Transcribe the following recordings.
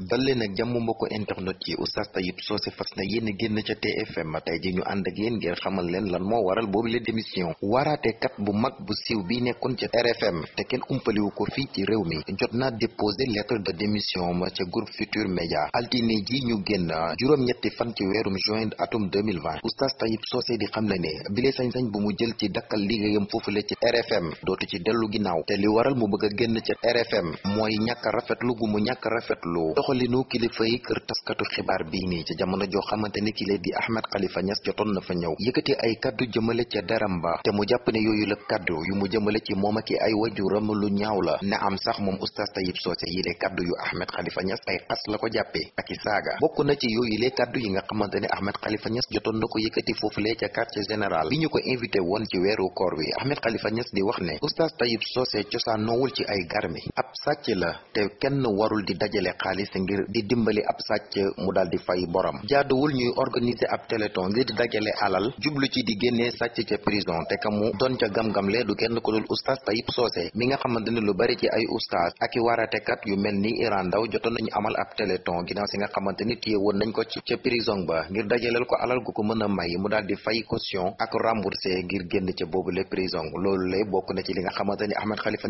dalleen ak jàmm mbokk internet yi oustaz Tayib Socé fas na yéen génn ca TFM te ji ñu ànd ak yéen ngir xamal leen lan moo waral boobu la démission waaraatekat bu mag bu siiw bi nekkoon ca RFM te kenn umpaliwu ko fii ci réew mi jot naa déposé lettre de démission ma ca groupe Futur Média altine ji ñu génn juróom-ñetti fan ci weerum juin atum 2020 oustaz Tayib Socé di xam ne ne bile sañ-sañ bu mu jël ci dakkal liggéeyam foofule ci RFM dootu ci dellu ginnaaw te li waral mu bëgg génn ca RFM mooy ñàkk rafetlu mu ñàkk rafetlu doxalinu kilifa yi kër taskatu xibaar bii nii ca jamono joo xamante ni kile di Ahmed Khalifa Niass jotoon na fa ñëw yëkkati ay kaddu jëmale ca daram ba te mu jàpp ne yooyu la kaddu yu mu jëmale ci moom ak ay wajuram lu ñaaw la na am sax moom oustaz Tayib Socé yi le kaddu yu Ahmed Khalifa Niass ay xas la ko jàppee ak i saaga bokk na ci yooyu le kaddu yi nga xamante ne Ahmed Khalifa Niass jotoon na ko yëkkati foofulee ca quartier général bi ñu ko invité woon ci weeru koor wi Ahmed Khalifa Niass di wax ne oustaz Tayib Socé cosaan noowul ci ay garmi ab la te kenn warul di dajale xaalis manifester ngir di dimbali ab sàcc mu daal di fay borom jaaduwul ñuy organiser ab téléthon ngir di dajale alal jublu ci di génnee sàcc ca prison te ka mu doon ca gam-gamle du kenn ko dul oustaz Tayib Socé mi nga xamante ne lu bari ci ay oustaz ak i waratekat yu mel ni Iran Ndaw jotoon nañu amal ab téléthon ginnaaw si nga xamante ni téye woon nañ ko ci ca prison ba ngir dajaleel ko alal gu ko mën may mu daal di fay caution ak remboursé ngir génn ca boobule prison loolu lay bokk li nga xamante ni Ahmed Khalifa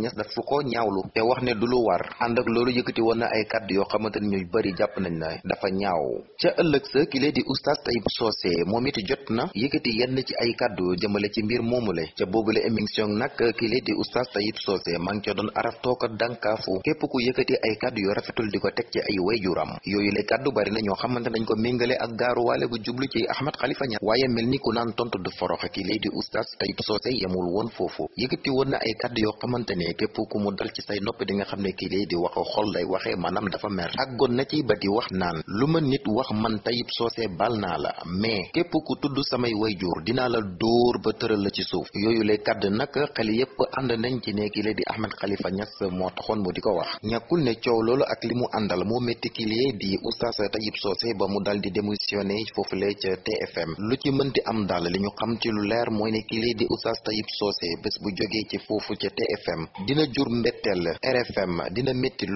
xamante ni ñuy bëri jàpp nañ na dafa ñaaw ca ëllëg sa kile di oustaz Taïb Socé moom it jot na yëkkati yenn ci ay kàddu jëmale ci mbir moomule ca boobule émission nag kile di oustaz Taïb Socé maa ngi ca doon araf tooka dànkaafu képp ku yëkkati ay kàddu yu rafetul di ko teg ci ay wayjuram yooyu le kàddu bari na ñoo xamante nañ ko méngale ak gaaruwaale gu jublu ci Ahmed Khalifa Niass waaye mel ni ku naan tontu du foroxe kile di oustaz Taïb Socé yemul woon foofu yëkkati woon na ay kàddu yoo xamante ne képp ku mu dal ci say noppi di nga xam ne kile di wax xol lay waxee maanaam dafa mer àggoon na ci bati wax naan lu ma nit wax man Tayib Socé bal naa la mais képp ku tudd samay wayjur dinaa la dóor ba tëral la ci suuf yooyu lay kàdd nag xel yépp ànd nañ ci ne ki la di Ahmed Khalifa Niass moo taxoon di ko wax ñàkkul ne coow loolu ak li mu àndal moo métti kiliye di oustaz Tayib Socé ba mu dal di démissionné foofule ca TFM lu ci mënti am daal li ñu xam ci lu leer mooy ne kiliye di oustaz Tayib Socé bés bu jógee ci foofu ca TFM dina jur mbetteel RFM dina métti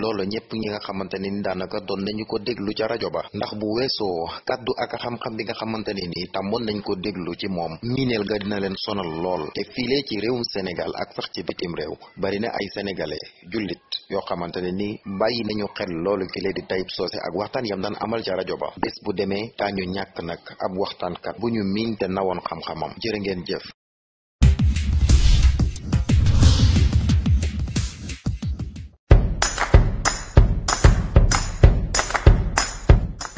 daanaka doon nañu ko déglu ca rajo ba ndax bu weesoo kàddu ak xam-xam bi nga xamante ne ni tàmmoon nañ ko déglu ci moom miineel nga dina leen sonal lool te fiile ci réewum Sénégal ak sax ci bitim réew bari na ay sénégalais jullit yoo xamante ne ni bàyyi nañu xel loolu ki lee di Tayib Socé ak waxtaan yam daan amal ca rajo ba bés bu demee taañu ñàkk nag ab waxtaankat bu ñu miin te nawoon xam-xamam jërë ngeen jëf